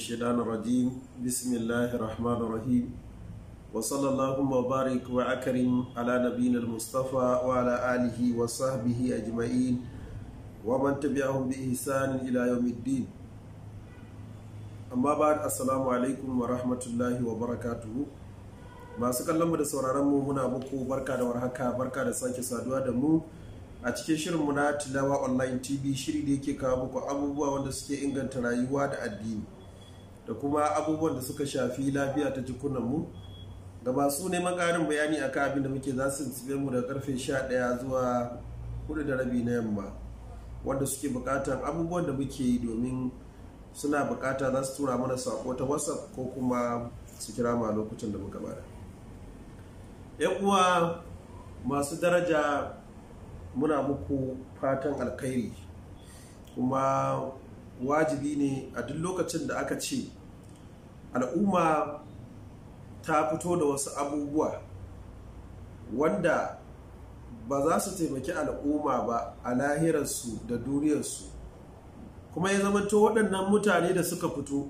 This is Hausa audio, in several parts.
الشيطان الرجيم بسم الله الرحمن الرحيم وصلى اللهم وبارك وأكرم على نبينا المصطفى وعلى آله وصحبه أجمعين ومن تبعهم بإحسان إلى يوم الدين أما بعد السلام عليكم ورحمة الله وبركاته ما masu kallonmu da رمو هنا بكو بركة ورحكة بركة سانك سادوا دمو a cikin shirin muna tilawa online tv shiri da yake kawo muku abubuwa wanda suke inganta rayuwa da addini da kuma abubuwan da suka shafi lafiya ta jikunanmu ga masu neman ƙarin bayani a kan abin da muke za su tsibe mu da karfe 11 zuwa 4 da rabi na yamma wanda suke buƙatar abubuwan da muke yi domin suna buƙata za su tura mana sako ta whatsapp ko kuma su kira ma lokacin da muka bada yan uwa masu daraja muna muku fatan alkhairi kuma wajibi ne a duk lokacin da aka ce al'umma ta fito da wasu abubuwa wanda ba za su taimaki al'umma ba a lahirarsu da duniyarsu kuma ya zama to waɗannan mutane da suka fito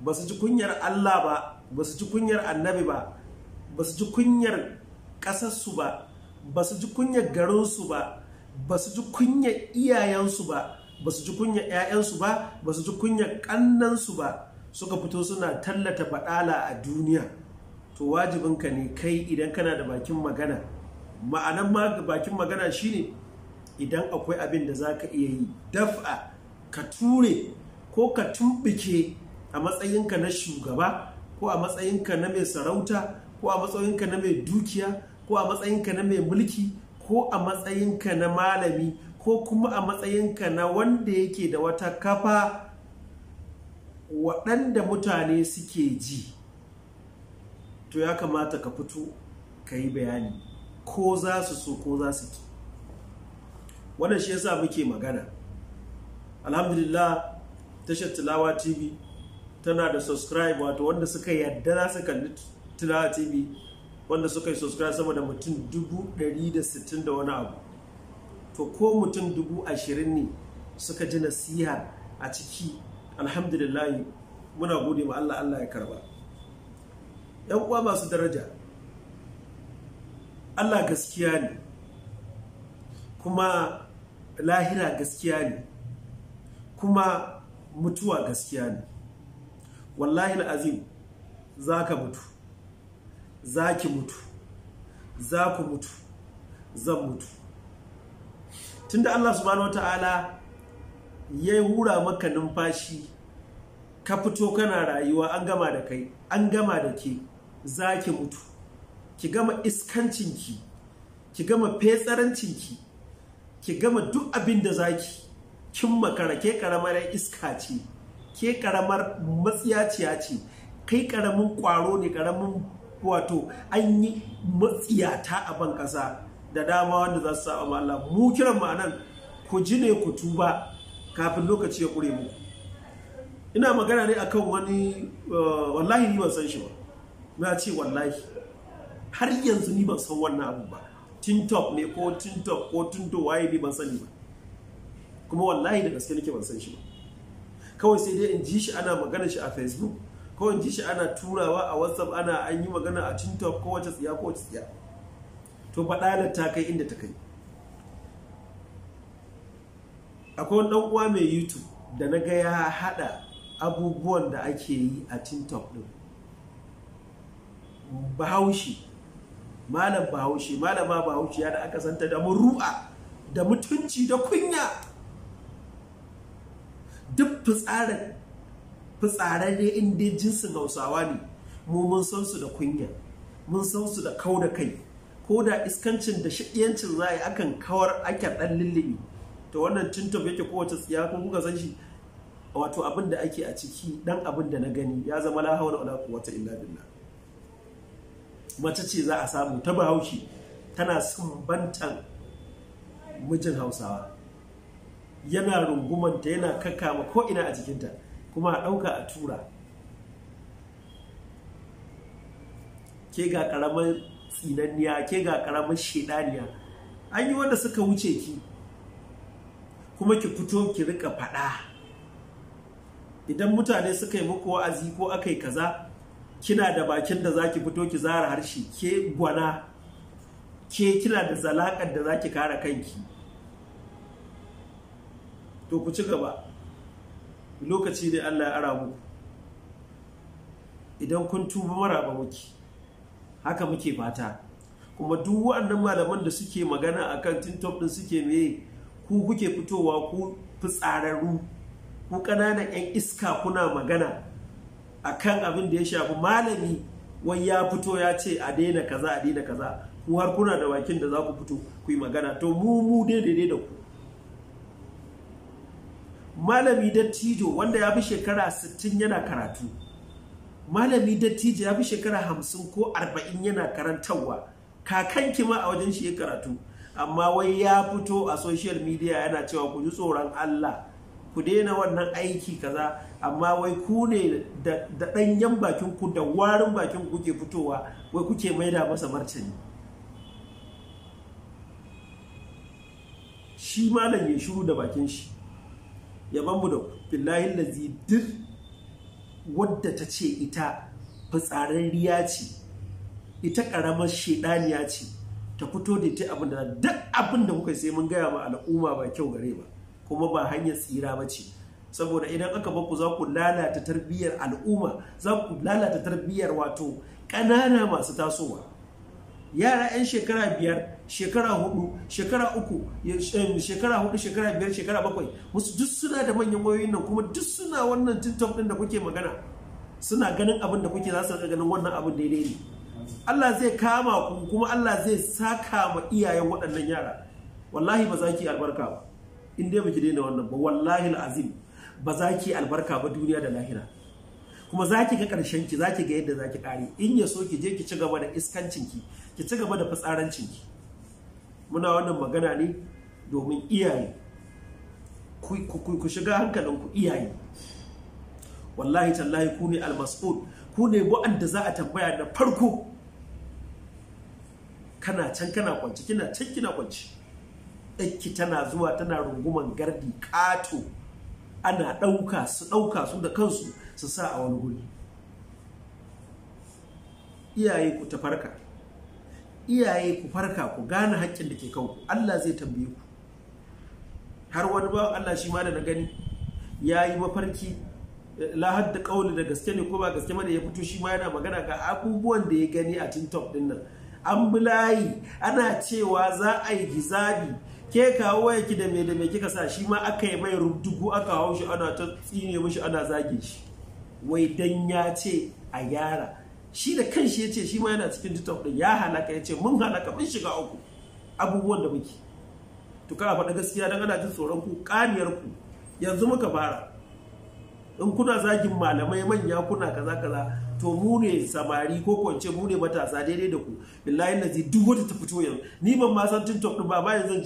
ba su ji kunyar Allah ba ba su ji kunyar annabi ba ba su ji kunyar ƙasarsu ba ba su ji kunyar garinsu ba ba su ji kunyar iyayensu ba ba su ji kunyar 'ya'yansu ba ba su ji kunyar ƙannansu ba suka fito suna tallata faɗala a duniya to wajibinka ne kai idan kana da bakin magana ma'anan ma bakin magana shine idan akwai abin da za ka iya yi daf'a ka ture ko ka tumbike a matsayinka na shugaba ko a matsayinka na mai sarauta ko a matsayinka na mai dukiya ko a matsayinka na mai mulki ko a matsayinka na malami ko kuma a matsayinka na wanda yake da wata kafa waɗanda mutane suke ji to ya kamata ka fito ka yi bayani ko za su so ko za su ki wannan shi yasa muke magana alhamdulillah tashar tilawa tv tana da subscribe wato wanda suka yadda za su kalli tilawa tv wanda suka yi subscribe sama da mutum 160 da wani abu to ko mutum dubu 20 ne suka ji nasiha a ciki alhamdulillahi muna gode ma Allah Allah ya karba yan uwa masu daraja Allah gaskiya ne kuma lahira gaskiya ne kuma mutuwa gaskiya ne wallahi azim za ka mutu za ki mutu za ku mutu zan mutu tunda Allah subhanahu wata'ala ya hura maka numfashi ka fito kana rayuwa an gama da kai an gama da ke za ki mutu ki gama iskancinki ki gama fetsarancinki ki gama duk abin da za ki kin makara ke karamar iska ce ke karamar matsiyaciya ce kai karamin kwaro ne karamin wato an yi matsiyata a ban da dama wanda za su sa mu kiran ma'anan ku ji ne ku tuba kafin lokaci ya ƙure muku ina magana ne akan wani eh, wallahi ni ban san shi ba na ce wallahi har yanzu ni ban san wannan abu ba tintop ne ko tintop ko tinto waye ne ban sani ba kuma wallahi da gaske nake ban san shi ba kawai sai dai in ji shi ana magana shi a facebook ko in ji shi ana turawa a whatsapp ana an yi magana a tintop ko wace tsiya ko wace tsiya to faɗalar ta kai inda ta kai akwai wani ɗan uwa mai youtube da na ga ya haɗa abubuwan da ake yi a tintop ɗin bahaushe malam bahaushe malama bahaushe ya da aka santa da muru'a da mutunci da kunya duk fitsarar ne inda jinsin hausawa ne mu mun san su da kunya mun san su da kau da kai ko da iskancin da shiɗiyancin za a yi akan kawar ake ɗan lullubi to wannan tintop yake kowace tsiya ko kuka san shi wato abin da ake a ciki dan abin da na gani ya zama la hawla wala quwwata illa billah mace ce za a samu ta bahaushe tana bantan mijin hausawa yana rungumanta yana kakkama ko ina a jikinta kuma a ɗauka a tura ke ga ƙaramin tsinanniya ke ga ƙaramin shedaniya an yi wanda suka wuce ki kuma ki fito ki rika faɗa idan mutane suka yi muku wa'azi ko aka yi kaza kina da bakin da zaki fito ki zara harshe ke gwana ke kina da zalakar da zaki kara kanki to ku ci gaba lokaci ne Allah ya ara muku idan kun tuba maraba muke haka muke fata kuma duk wa'annan malaman da suke magana akan tintop din suke meye ku kuke fitowa ku fitsararru ku ƙananan 'yan iska kuna magana a kan abin da ya shafi malami wai ya fito ya ce a daina kaza a daina kaza ku har kuna da bakin da za ku fito ku yi magana to mu mu daidai da ku malami dattijo wanda ya fi shekara 60 yana karatu malami dattijo ya fi shekara 50 ko 40 yana karantarwa kakanki ma a wajen shi ya karatu amma wai ya fito a social media yana cewa ku ji tsoron Allah ku daina wannan aiki kaza amma wai ku ne da ɗanyen bakin ku da warin bakin ku ke fitowa wai kuke maida masa martani shi malam ya shiru da bakin shi ya mu da billahi lazi duk wadda ta ce ita fitsararriya ce ita ƙaramar shaidaniya ce ta fito da ta abin da duk abin da kuka sai mun gaya ma al'umma ba kyau gare ba kuma ba hanyar tsira ba ce saboda idan aka baku za ku lalata tarbiyyar al'umma za ku lalata tarbiyyar wato ƙanana masu tasowa yara 'yan shekara biyar shekara hudu shekara uku shekara hudu shekara biyar shekara bakwai musu duk suna da manyan wayoyin nan kuma duk suna wannan tiktok din da kuke magana suna ganin abin da kuke za su ganin wannan abin daidai ne Allah zai kama ku kuma Allah zai saka ma iyayen waɗannan yara wallahi ba za ki albarka ba in dai baki daina wannan ba wallahi azim ba za ki albarka ba duniya da lahira kuma za ki ga ƙarshen ki za ki ga yadda za ki ƙare in ya so ki je ki ci gaba da iskancin ki ki ci gaba da fitsarancin ki muna wannan magana ne domin iyaye ku shiga hankalin ku iyaye wallahi tallahi ku ne almas'ud ku ne wa'anda za a tambaya da farko kana can kana kwanci kina can kina kwanci ɗakki tana zuwa tana runguman gardi ƙato ana ɗauka su ɗauka su da kansu su sa a wani guri iyaye ku ta farka iyaye ku farka ku gane haƙƙin da ke kawo. Allah zai tambaye ku har wani ba Allah shi ma da na gani ya yi mafarki lahad da da gaske ne ko ba gaske mana ya fito shi ma yana magana ga abubuwan da ya gani a tiktok ɗin nan an bi layi ana cewa za a yi hizabi ke kawo waya da mai da mai kika sa shi ma aka yi mai rubdugu aka hau shi ana ta tsine mishi ana zage shi wai dan ya ce a gyara shi da kan shi ya ce shi ma yana cikin tiktok din ya halaka ya ce mun halaka mun shiga uku abubuwan da muke to kana faɗa gaskiya dan ana jin tsoron ku kaniyar ku yanzu muka fara in kuna zagin malamai manya kuna kaza kaza to mu ne samari ko kwance mu ne matasa daidai da ku billahi nazi duk wata ta fito yanzu ni ban ma san tiktok din ba ba zan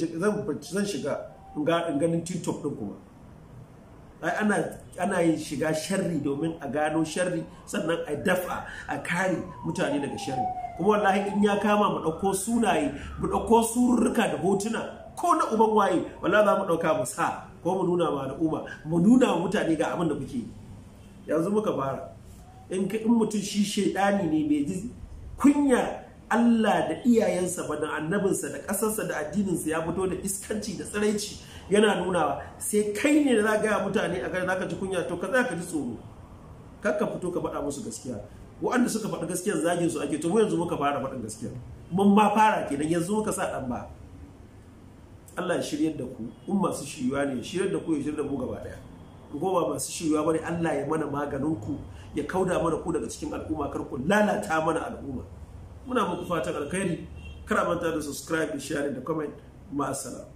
zan shiga in ganin tiktok din kuma ai ana yin shiga sharri domin a gano sharri sannan a dafa a kare mutane daga sharri kuma wallahi in ya kama mu ɗauko sunaye mu ɗauko sururruka da hotuna ko na uban waye wallahi za mu ɗauka mu sa ko mu nuna ma al'umma mu nuna mutane ga abin da kuke yanzu muka fara in ka in mutum shi shaidani ne bai ji kunya Allah da iyayensa ba da annabinsa da ƙasarsa da addininsa ya fito da iskanci da tsiraici yana nunawa sai kai ne da za gaya mutane a gani za ka ji kunya to ka za ka ji tsoro kar fito ka faɗa musu gaskiya waɗanda suka faɗa gaskiyar zagin su ake to mu yanzu muka fara faɗin gaskiya mun ma fara kenan yanzu muka sa ɗan ba Allah ya shiryar da ku in masu shiwa ne ya da ku ya shiryar da mu gaba ɗaya goma masu shirya bane Allah ya mana maganin ku ya kauda mana ku daga cikin al'umma kar ku lalata mana al'umma muna muku fatan alkhairi kar a manta da subscribe da share da comment ma'assalam